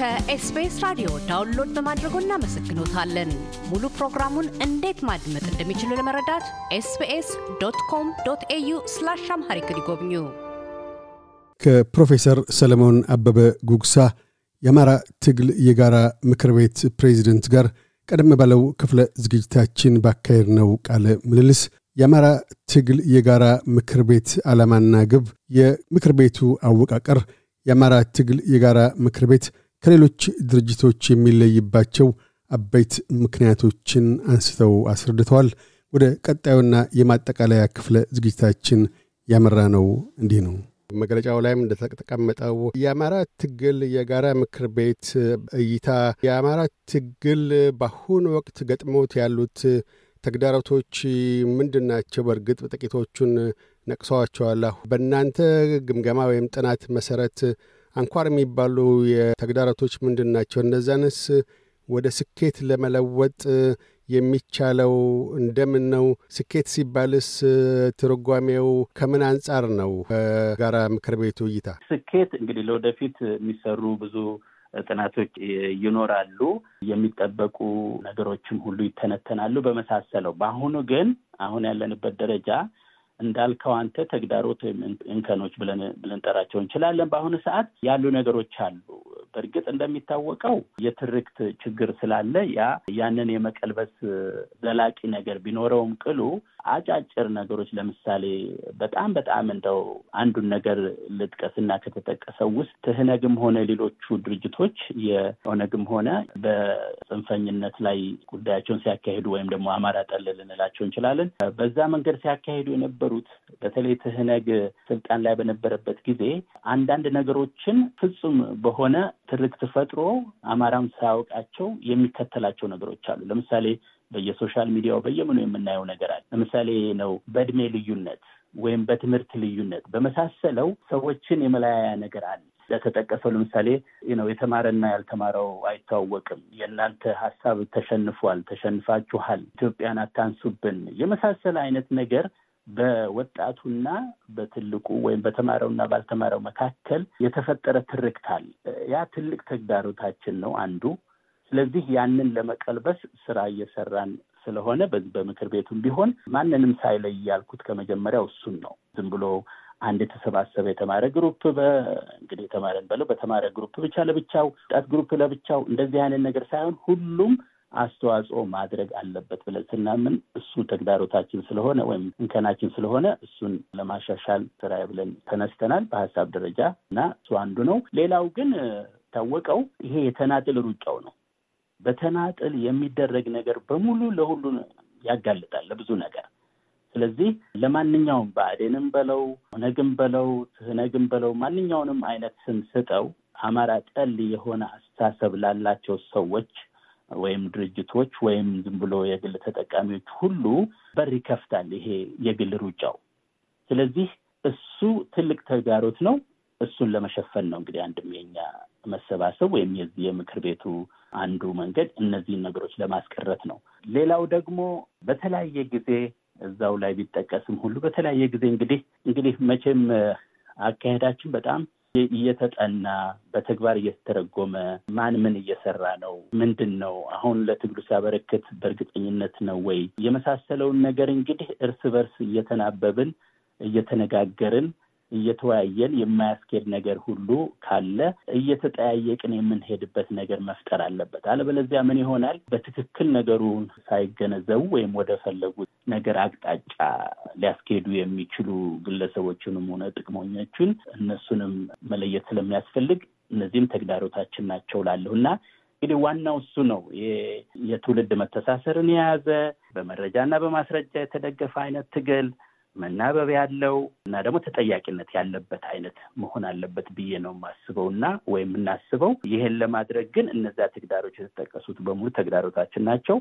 ከኤስቢኤስ ራዲዮ ዳውንሎድ በማድረጎ እናመሰግኖታለን። ሙሉ ፕሮግራሙን እንዴት ማድመጥ እንደሚችሉ ለመረዳት ኤስቢኤስ ዶት ኮም ዶት ኤዩ ስላሽ አምሃሪክ ይጎብኙ። ከፕሮፌሰር ሰለሞን አበበ ጉግሳ የአማራ ትግል የጋራ ምክር ቤት ፕሬዚደንት ጋር ቀደም ባለው ክፍለ ዝግጅታችን ባካሄድ ነው ቃለ ምልልስ የአማራ ትግል የጋራ ምክር ቤት ዓላማና ግብ፣ የምክር ቤቱ አወቃቀር፣ የአማራ ትግል የጋራ ምክር ቤት ከሌሎች ድርጅቶች የሚለይባቸው አበይት ምክንያቶችን አንስተው አስረድተዋል። ወደ ቀጣዩና የማጠቃለያ ክፍለ ዝግጅታችን ያመራ ነው እንዲህ ነው። መግለጫው ላይም እንደተቀመጠው የአማራ ትግል የጋራ ምክር ቤት እይታ የአማራ ትግል በአሁኑ ወቅት ገጥሞት ያሉት ተግዳሮቶች ምንድን ናቸው? በእርግጥ ጥቂቶቹን ነቅሰዋቸዋለሁ በእናንተ ግምገማ ወይም ጥናት መሰረት አንኳር የሚባሉ የተግዳሮቶች ምንድን ናቸው? እነዛንስ ወደ ስኬት ለመለወጥ የሚቻለው እንደምን ነው? ስኬት ሲባልስ ትርጓሜው ከምን አንጻር ነው? በጋራ ምክር ቤቱ እይታ ስኬት እንግዲህ ለወደፊት የሚሰሩ ብዙ ጥናቶች ይኖራሉ። የሚጠበቁ ነገሮችም ሁሉ ይተነተናሉ በመሳሰለው። በአሁኑ ግን አሁን ያለንበት ደረጃ እንዳልከው አንተ ተግዳሮት ወይም እንከኖች ብለን ልንጠራቸው እንችላለን። በአሁኑ ሰዓት ያሉ ነገሮች አሉ። በእርግጥ እንደሚታወቀው የትርክት ችግር ስላለ ያ ያንን የመቀልበስ ዘላቂ ነገር ቢኖረውም ቅሉ አጫጭር ነገሮች ለምሳሌ በጣም በጣም እንደው አንዱን ነገር ልጥቀስና ከተጠቀሰው ውስጥ ትህነግም ሆነ ሌሎቹ ድርጅቶች የኦነግም ሆነ በጽንፈኝነት ላይ ጉዳያቸውን ሲያካሂዱ ወይም ደግሞ አማራ ጠል ልንላቸው እንችላለን። በዛ መንገድ ሲያካሂዱ የነበሩት በተለይ ትህነግ ስልጣን ላይ በነበረበት ጊዜ አንዳንድ ነገሮችን ፍጹም በሆነ ትርክት ፈጥሮ አማራም ሳያውቃቸው የሚከተላቸው ነገሮች አሉ። ለምሳሌ በየሶሻል ሚዲያው በየምኑ የምናየው ነገር አለ። ለምሳሌ ነው በእድሜ ልዩነት ወይም በትምህርት ልዩነት በመሳሰለው ሰዎችን የመለያያ ነገር አለ። ለተጠቀሰው ለምሳሌ ነው የተማረና ያልተማረው አይታወቅም። የእናንተ ሀሳብ ተሸንፏል፣ ተሸንፋችኋል፣ ኢትዮጵያን አታንሱብን የመሳሰለ አይነት ነገር በወጣቱና በትልቁ ወይም በተማረውና ባልተማረው መካከል የተፈጠረ ትርክታል። ያ ትልቅ ተግዳሮታችን ነው አንዱ። ስለዚህ ያንን ለመቀልበስ ስራ እየሰራን ስለሆነ በዚህ በምክር ቤቱም ቢሆን ማንንም ሳይለይ ያልኩት ከመጀመሪያው እሱን ነው። ዝም ብሎ አንድ የተሰባሰበ የተማረ ግሩፕ እንግዲህ የተማረን በለው በተማረ ግሩፕ ብቻ ለብቻው፣ ወጣት ግሩፕ ለብቻው እንደዚህ አይነት ነገር ሳይሆን ሁሉም አስተዋጽኦ ማድረግ አለበት ብለን ስናምን እሱ ተግዳሮታችን ስለሆነ ወይም እንከናችን ስለሆነ እሱን ለማሻሻል ስራ ብለን ተነስተናል በሀሳብ ደረጃ እና እሱ አንዱ ነው። ሌላው ግን ታወቀው ይሄ የተናጥል ሩጫው ነው። በተናጥል የሚደረግ ነገር በሙሉ ለሁሉ ያጋልጣል ለብዙ ነገር። ስለዚህ ለማንኛውም ብአዴንም በለው ኦነግም በለው ትህነግም በለው ማንኛውንም አይነት ስም ስጠው አማራ ጠል የሆነ አስተሳሰብ ላላቸው ሰዎች ወይም ድርጅቶች ወይም ዝም ብሎ የግል ተጠቃሚዎች ሁሉ በር ይከፍታል ይሄ የግል ሩጫው። ስለዚህ እሱ ትልቅ ተጋሮት ነው። እሱን ለመሸፈን ነው እንግዲህ አንድም የኛ መሰባሰብ ወይም የዚህ የምክር ቤቱ አንዱ መንገድ እነዚህን ነገሮች ለማስቀረት ነው። ሌላው ደግሞ በተለያየ ጊዜ እዛው ላይ ቢጠቀስም ሁሉ በተለያየ ጊዜ እንግዲህ እንግዲህ መቼም አካሄዳችን በጣም እየተጠና በተግባር እየተተረጎመ ማን ምን እየሰራ ነው፣ ምንድን ነው አሁን ለትግሉ ሲያበረክት በእርግጠኝነት ነው ወይ የመሳሰለውን ነገር እንግዲህ እርስ በርስ እየተናበብን እየተነጋገርን እየተወያየን የማያስኬድ ነገር ሁሉ ካለ እየተጠያየቅን የምንሄድበት ነገር መፍጠር አለበት። አለበለዚያ ምን ይሆናል? በትክክል ነገሩን ሳይገነዘቡ ወይም ወደ ፈለጉት ነገር አቅጣጫ ሊያስኬዱ የሚችሉ ግለሰቦችንም ሆነ ጥቅመኞችን እነሱንም መለየት ስለሚያስፈልግ እነዚህም ተግዳሮታችን ናቸው ላለሁ እና እንግዲህ ዋናው እሱ ነው። የትውልድ መተሳሰርን የያዘ በመረጃና በማስረጃ የተደገፈ አይነት ትግል መናበብ ያለው እና ደግሞ ተጠያቂነት ያለበት አይነት መሆን አለበት ብዬ ነው የማስበው እና ወይም የምናስበው። ይህን ለማድረግ ግን እነዚያ ተግዳሮች የተጠቀሱት በሙሉ ተግዳሮታችን ናቸው።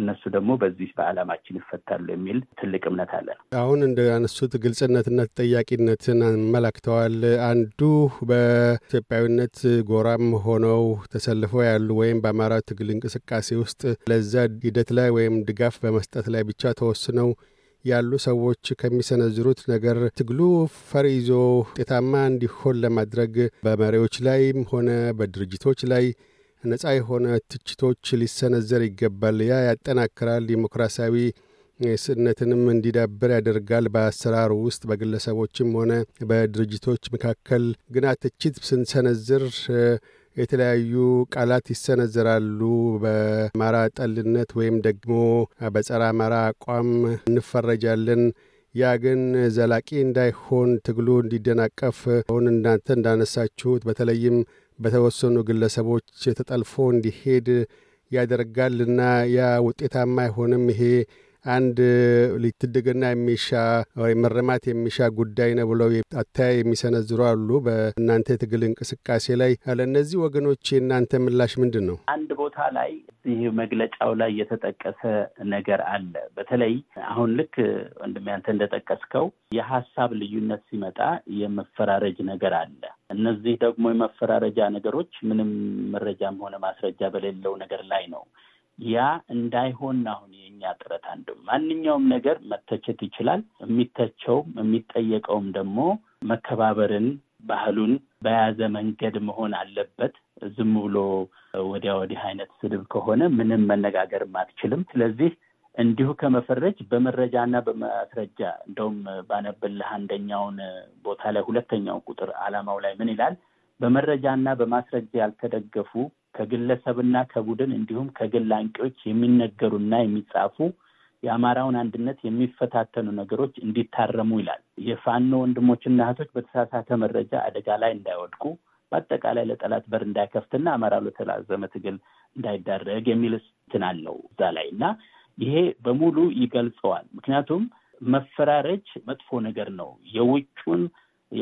እነሱ ደግሞ በዚህ በዓላማችን ይፈታሉ የሚል ትልቅ እምነት አለን። አሁን አነሱት ግልጽነትና ተጠያቂነትን አመላክተዋል። አንዱ በኢትዮጵያዊነት ጎራም ሆነው ተሰልፈው ያሉ ወይም በአማራ ትግል እንቅስቃሴ ውስጥ ለዛ ሂደት ላይ ወይም ድጋፍ በመስጠት ላይ ብቻ ተወስነው ያሉ ሰዎች ከሚሰነዝሩት ነገር ትግሉ ፈር ይዞ ውጤታማ እንዲሆን ለማድረግ በመሪዎች ላይም ሆነ በድርጅቶች ላይ ነጻ የሆነ ትችቶች ሊሰነዘር ይገባል። ያ ያጠናክራል፣ ዲሞክራሲያዊ ስነትንም እንዲዳብር ያደርጋል። በአሰራሩ ውስጥ በግለሰቦችም ሆነ በድርጅቶች መካከል ግና ትችት ስንሰነዝር የተለያዩ ቃላት ይሰነዘራሉ። በአማራ ጠልነት ወይም ደግሞ በጸረ አማራ አቋም እንፈረጃለን። ያ ግን ዘላቂ እንዳይሆን ትግሉ እንዲደናቀፍ አሁን እናንተ እንዳነሳችሁት በተለይም በተወሰኑ ግለሰቦች ተጠልፎ እንዲሄድ ያደርጋልና ያ ውጤታማ አይሆንም። ይሄ አንድ ልትደገና የሚሻ ወይ መረማት የሚሻ ጉዳይ ነው ብለው አተያይ የሚሰነዝሩ አሉ። በእናንተ የትግል እንቅስቃሴ ላይ ለእነዚህ ወገኖች የእናንተ ምላሽ ምንድን ነው? አንድ ቦታ ላይ ይህ መግለጫው ላይ የተጠቀሰ ነገር አለ። በተለይ አሁን ልክ ወንድሜ አንተ እንደጠቀስከው የሀሳብ ልዩነት ሲመጣ የመፈራረጅ ነገር አለ። እነዚህ ደግሞ የመፈራረጃ ነገሮች ምንም መረጃም ሆነ ማስረጃ በሌለው ነገር ላይ ነው ያ እንዳይሆን አሁን የእኛ ጥረት አንዱ ማንኛውም ነገር መተቸት ይችላል። የሚተቸውም የሚጠየቀውም ደግሞ መከባበርን ባህሉን በያዘ መንገድ መሆን አለበት። ዝም ብሎ ወዲያ ወዲህ አይነት ስድብ ከሆነ ምንም መነጋገርም አትችልም። ስለዚህ እንዲሁ ከመፈረጅ በመረጃና በማስረጃ እንደውም ባነብልህ አንደኛውን ቦታ ላይ ሁለተኛው ቁጥር አላማው ላይ ምን ይላል? በመረጃና በማስረጃ ያልተደገፉ ከግለሰብና ከቡድን እንዲሁም ከግል አንቂዎች የሚነገሩና የሚጻፉ የአማራውን አንድነት የሚፈታተኑ ነገሮች እንዲታረሙ ይላል። የፋኖ ወንድሞችና እህቶች በተሳሳተ መረጃ አደጋ ላይ እንዳይወድቁ በአጠቃላይ ለጠላት በር እንዳይከፍትና አማራ ለተላዘመ ትግል እንዳይዳረግ የሚል እንትን አለው እዛ ላይ እና ይሄ በሙሉ ይገልጸዋል። ምክንያቱም መፈራረጅ መጥፎ ነገር ነው። የውጩን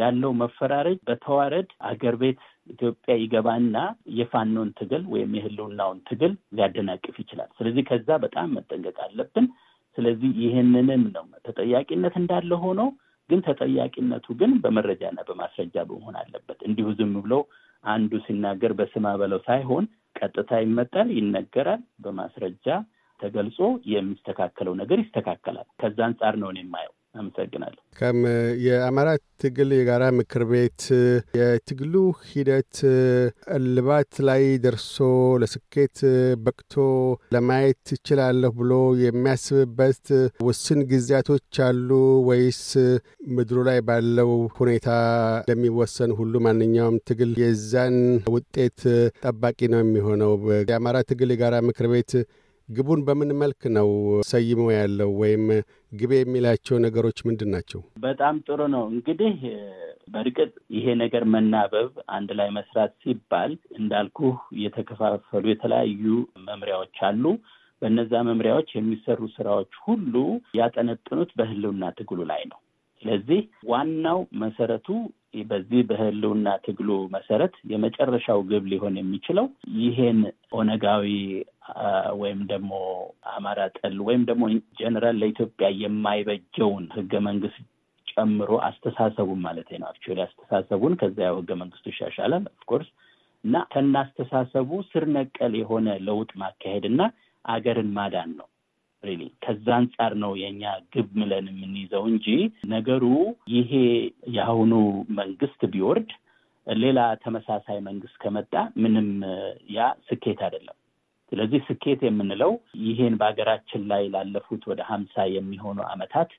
ያለው መፈራረጅ በተዋረድ አገር ቤት ኢትዮጵያ ይገባና የፋኖን ትግል ወይም የህልውናውን ትግል ሊያደናቅፍ ይችላል። ስለዚህ ከዛ በጣም መጠንቀቅ አለብን። ስለዚህ ይህንንም ነው ተጠያቂነት እንዳለ ሆኖ ግን ተጠያቂነቱ ግን በመረጃና በማስረጃ በመሆን አለበት። እንዲሁ ዝም ብሎ አንዱ ሲናገር በስማ በለው ሳይሆን ቀጥታ ይመጣል፣ ይነገራል፣ በማስረጃ ተገልጾ የሚስተካከለው ነገር ይስተካከላል። ከዛ አንጻር ነው እኔ የማየው። አመሰግናለሁ። ከም የአማራ ትግል የጋራ ምክር ቤት የትግሉ ሂደት እልባት ላይ ደርሶ ለስኬት በቅቶ ለማየት ይችላለሁ ብሎ የሚያስብበት ውስን ጊዜያቶች አሉ ወይስ ምድሩ ላይ ባለው ሁኔታ ለሚወሰን ሁሉ ማንኛውም ትግል የዛን ውጤት ጠባቂ ነው የሚሆነው? የአማራ ትግል የጋራ ምክር ቤት ግቡን በምን መልክ ነው ሰይሞ ያለው ወይም ግቤ የሚላቸው ነገሮች ምንድን ናቸው? በጣም ጥሩ ነው። እንግዲህ በእርግጥ ይሄ ነገር መናበብ፣ አንድ ላይ መስራት ሲባል እንዳልኩ የተከፋፈሉ የተለያዩ መምሪያዎች አሉ። በእነዛ መምሪያዎች የሚሰሩ ስራዎች ሁሉ ያጠነጥኑት በህልውና ትግሉ ላይ ነው። ስለዚህ ዋናው መሰረቱ በዚህ በህልውና ትግሉ መሰረት የመጨረሻው ግብ ሊሆን የሚችለው ይሄን ኦነጋዊ ወይም ደግሞ አማራ ጠል ወይም ደግሞ ጀነራል ለኢትዮጵያ የማይበጀውን ህገ መንግስት ጨምሮ አስተሳሰቡን ማለት ነው። አክቹዋሊ አስተሳሰቡን ከዚያ ህገ መንግስቱ ይሻሻላል ኦፍኮርስ እና ከናስተሳሰቡ ስር ነቀል የሆነ ለውጥ ማካሄድ እና አገርን ማዳን ነው። ሪሊ ከዛ አንጻር ነው የእኛ ግብ ምለን የምንይዘው እንጂ ነገሩ ይሄ የአሁኑ መንግስት ቢወርድ ሌላ ተመሳሳይ መንግስት ከመጣ ምንም ያ ስኬት አይደለም። ስለዚህ ስኬት የምንለው ይሄን በሀገራችን ላይ ላለፉት ወደ ሀምሳ የሚሆኑ አመታት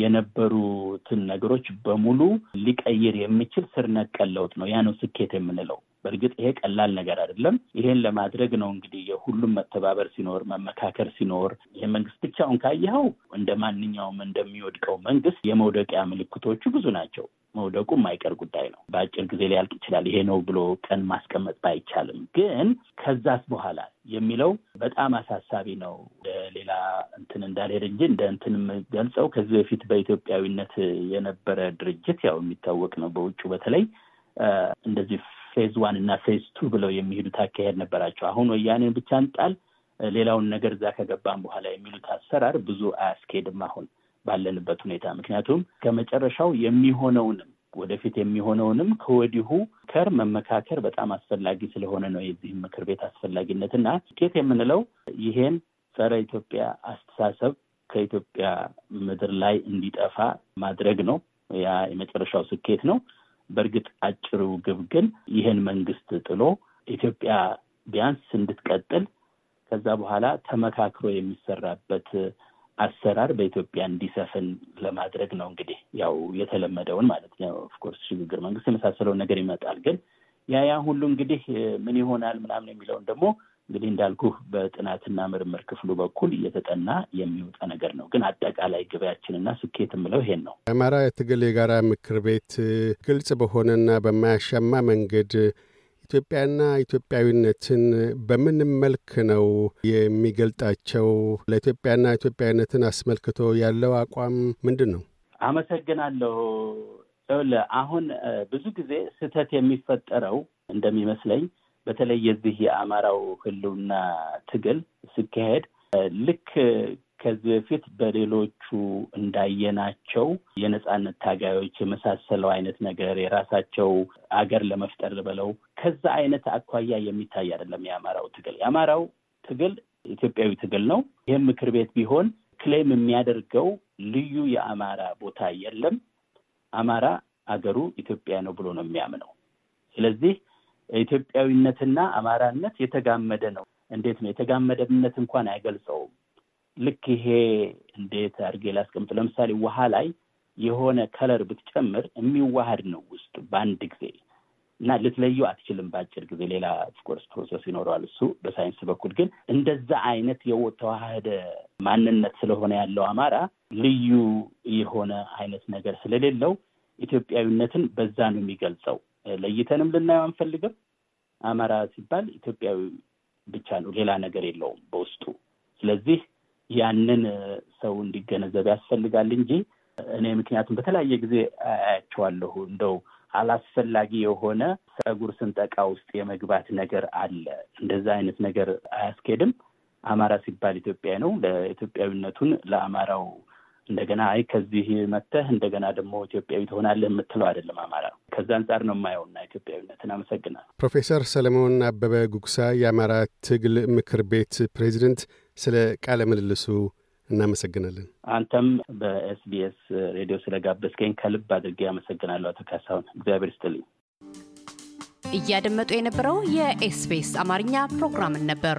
የነበሩትን ነገሮች በሙሉ ሊቀይር የሚችል ስር ነቀል ለውጥ ነው። ያ ነው ስኬት የምንለው። በእርግጥ ይሄ ቀላል ነገር አይደለም። ይሄን ለማድረግ ነው እንግዲህ የሁሉም መተባበር ሲኖር፣ መመካከር ሲኖር ይህ መንግስት ብቻውን ካየኸው እንደ ማንኛውም እንደሚወድቀው መንግስት የመውደቂያ ምልክቶቹ ብዙ ናቸው። መውደቁ የማይቀር ጉዳይ ነው። በአጭር ጊዜ ሊያልቅ ይችላል። ይሄ ነው ብሎ ቀን ማስቀመጥ ባይቻልም ግን ከዛስ በኋላ የሚለው በጣም አሳሳቢ ነው። ሌላ እንትን እንዳልሄድ እንጂ እንደ እንትን የምገልጸው ከዚህ በፊት በኢትዮጵያዊነት የነበረ ድርጅት ያው የሚታወቅ ነው። በውጭ በተለይ እንደዚህ ፌዝ ዋን እና ፌዝ ቱ ብለው የሚሄዱት አካሄድ ነበራቸው። አሁን ወያኔን ብቻ እንጣል፣ ሌላውን ነገር እዛ ከገባን በኋላ የሚሉት አሰራር ብዙ አያስኬድም አሁን ባለንበት ሁኔታ። ምክንያቱም ከመጨረሻው የሚሆነውንም ወደፊት የሚሆነውንም ከወዲሁ ከር መመካከር በጣም አስፈላጊ ስለሆነ ነው የዚህም ምክር ቤት አስፈላጊነት እና ኬት የምንለው ይሄን ጸረ ኢትዮጵያ አስተሳሰብ ከኢትዮጵያ ምድር ላይ እንዲጠፋ ማድረግ ነው። ያ የመጨረሻው ስኬት ነው። በእርግጥ አጭሩ ግብ ግን ይህን መንግስት ጥሎ ኢትዮጵያ ቢያንስ እንድትቀጥል ከዛ በኋላ ተመካክሮ የሚሰራበት አሰራር በኢትዮጵያ እንዲሰፍን ለማድረግ ነው። እንግዲህ ያው የተለመደውን ማለት ነው። ኦፍኮርስ ሽግግር መንግስት የመሳሰለውን ነገር ይመጣል። ግን ያ ያ ሁሉ እንግዲህ ምን ይሆናል ምናምን የሚለውን ደግሞ እንግዲህ እንዳልኩህ በጥናትና ምርምር ክፍሉ በኩል እየተጠና የሚወጣ ነገር ነው። ግን አጠቃላይ ግበያችንና ስኬት የምለው ይሄን ነው። የአማራ የትግል የጋራ ምክር ቤት ግልጽ በሆነና በማያሻማ መንገድ ኢትዮጵያና ኢትዮጵያዊነትን በምን መልክ ነው የሚገልጣቸው? ለኢትዮጵያና ኢትዮጵያዊነትን አስመልክቶ ያለው አቋም ምንድን ነው? አመሰግናለሁ። አሁን ብዙ ጊዜ ስህተት የሚፈጠረው እንደሚመስለኝ በተለይ የዚህ የአማራው ህልውና ትግል ሲካሄድ ልክ ከዚህ በፊት በሌሎቹ እንዳየናቸው የነጻነት ታጋዮች የመሳሰለው አይነት ነገር የራሳቸው አገር ለመፍጠር ብለው ከዛ አይነት አኳያ የሚታይ አይደለም። የአማራው ትግል የአማራው ትግል ኢትዮጵያዊ ትግል ነው። ይህም ምክር ቤት ቢሆን ክሌም የሚያደርገው ልዩ የአማራ ቦታ የለም። አማራ አገሩ ኢትዮጵያ ነው ብሎ ነው የሚያምነው። ስለዚህ ኢትዮጵያዊነትና አማራነት የተጋመደ ነው። እንዴት ነው የተጋመደነት እንኳን አይገልጸውም። ልክ ይሄ እንዴት አድርጌ ላስቀምጥ? ለምሳሌ ውሃ ላይ የሆነ ከለር ብትጨምር የሚዋሃድ ነው ውስጡ በአንድ ጊዜ እና ልትለዩ አትችልም በአጭር ጊዜ። ሌላ ኦፍኮርስ ፕሮሰስ ይኖረዋል እሱ በሳይንስ በኩል ግን እንደዛ አይነት የተዋህደ ማንነት ስለሆነ ያለው አማራ ልዩ የሆነ አይነት ነገር ስለሌለው ኢትዮጵያዊነትን በዛ ነው የሚገልጸው። ለይተንም ልናየው አንፈልግም። አማራ ሲባል ኢትዮጵያዊ ብቻ ነው፣ ሌላ ነገር የለውም በውስጡ። ስለዚህ ያንን ሰው እንዲገነዘብ ያስፈልጋል እንጂ እኔ ምክንያቱም በተለያየ ጊዜ አያቸዋለሁ እንደው አላስፈላጊ የሆነ ጸጉር ስንጠቃ ውስጥ የመግባት ነገር አለ። እንደዛ አይነት ነገር አያስኬድም። አማራ ሲባል ኢትዮጵያ ነው። ለኢትዮጵያዊነቱን ለአማራው እንደገና አይ ከዚህ መተህ እንደገና ደግሞ ኢትዮጵያዊ ትሆናለህ የምትለው አይደለም አማራ ከዛ አንጻር ነው የማየውና ኢትዮጵያዊነትን አመሰግናል። ፕሮፌሰር ሰለሞን አበበ ጉግሳ የአማራ ትግል ምክር ቤት ፕሬዚደንት፣ ስለ ቃለ ምልልሱ እናመሰግናለን። አንተም በኤስቢኤስ ሬዲዮ ስለጋበዝከኝ ከልብ አድርጌ አመሰግናለሁ አቶ ካሳሁን። እግዚአብሔር ስጥልኝ። እያደመጡ የነበረው የኤስቢኤስ አማርኛ ፕሮግራምን ነበር።